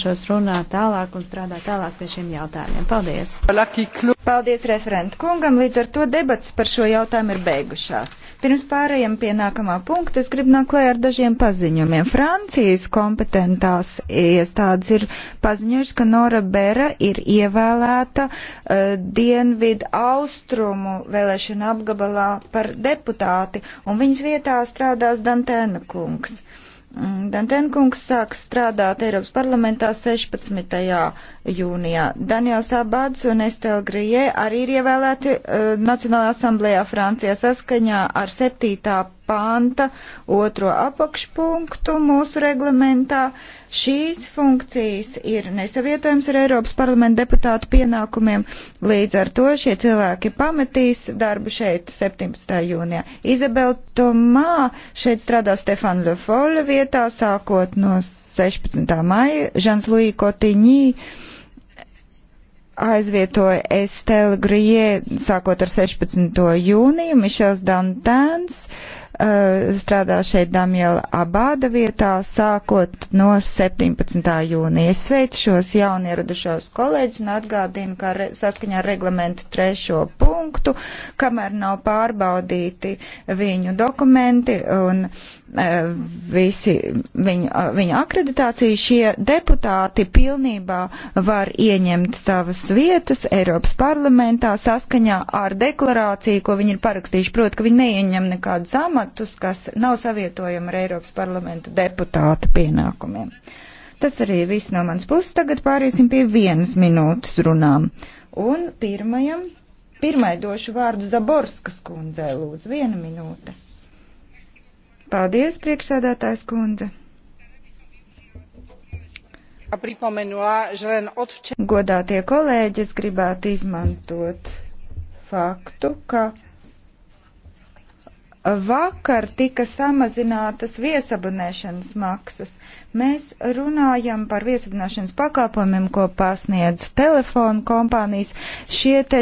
šos runāt tālāk un strādāt tālāk pie šiem jautājumiem. Paldies! Paldies referentu kungam, līdz ar to debats par šo jautājumu ir beigušās. Pirms pārējiem pie nākamā punkta, es gribu nākt klē ar dažiem paziņojumiem. Francijas kompetentās iestādes ir paziņojušas, ka Nora Bera ir ievēlēta uh, Dienvidu austrumu vēlēšana apgabalā par deputāti, un viņas vietā strādās Dantēna kungs. Uh, Mm, Dantenkungs sāks strādāt Eiropas parlamentā 16. jūnijā. Daniels Abāds un Estela Grijē arī ir ievēlēti uh, Nacionālajā asamblējā Francijā saskaņā ar 7 panta otro apakšpunktu mūsu reglamentā. Šīs funkcijas ir nesavietojams ar Eiropas parlamenta deputātu pienākumiem, līdz ar to šie cilvēki pametīs darbu šeit 17. jūnijā. Izabela Tomā šeit strādā Stefan Lefola vietā sākot no 16. maija, Žans Luī Kotiņī aizvietoja Estelle Grie sākot ar 16. jūniju, Mišels Dantēns Eh, strādā šeit Damiela Abāda vietā, sākot no 17. jūnija. Es sveicu šos jaunieradušos kolēģus un atgādinu, ka re, saskaņā ar reglamentu trešo punktu, kamēr nav pārbaudīti viņu dokumenti un uh, Eh, visi viņa, eh, viņa akreditācija, šie deputāti pilnībā var ieņemt savas vietas Eiropas parlamentā saskaņā ar deklarāciju, ko viņi ir parakstījuši. Proti, ka viņi neieņem nekādus amatus, kas nav savietojami ar Eiropas parlamenta deputāta pienākumiem. Tas arī viss no manas puses. Tagad pāriesim pie vienas minūtes runām. Un pirmajam, pirmai došu vārdu Zaborskas kundzei, lūdzu, viena minūte. Paldies, priekšsēdētājs kundze. Godātie kolēģi, es gribētu izmantot faktu, ka vakar tika samazinātas viesabunēšanas maksas. Mēs runājam par viesabunēšanas pakāpojumiem, ko pasniedz telefonu kompānijas. Šie te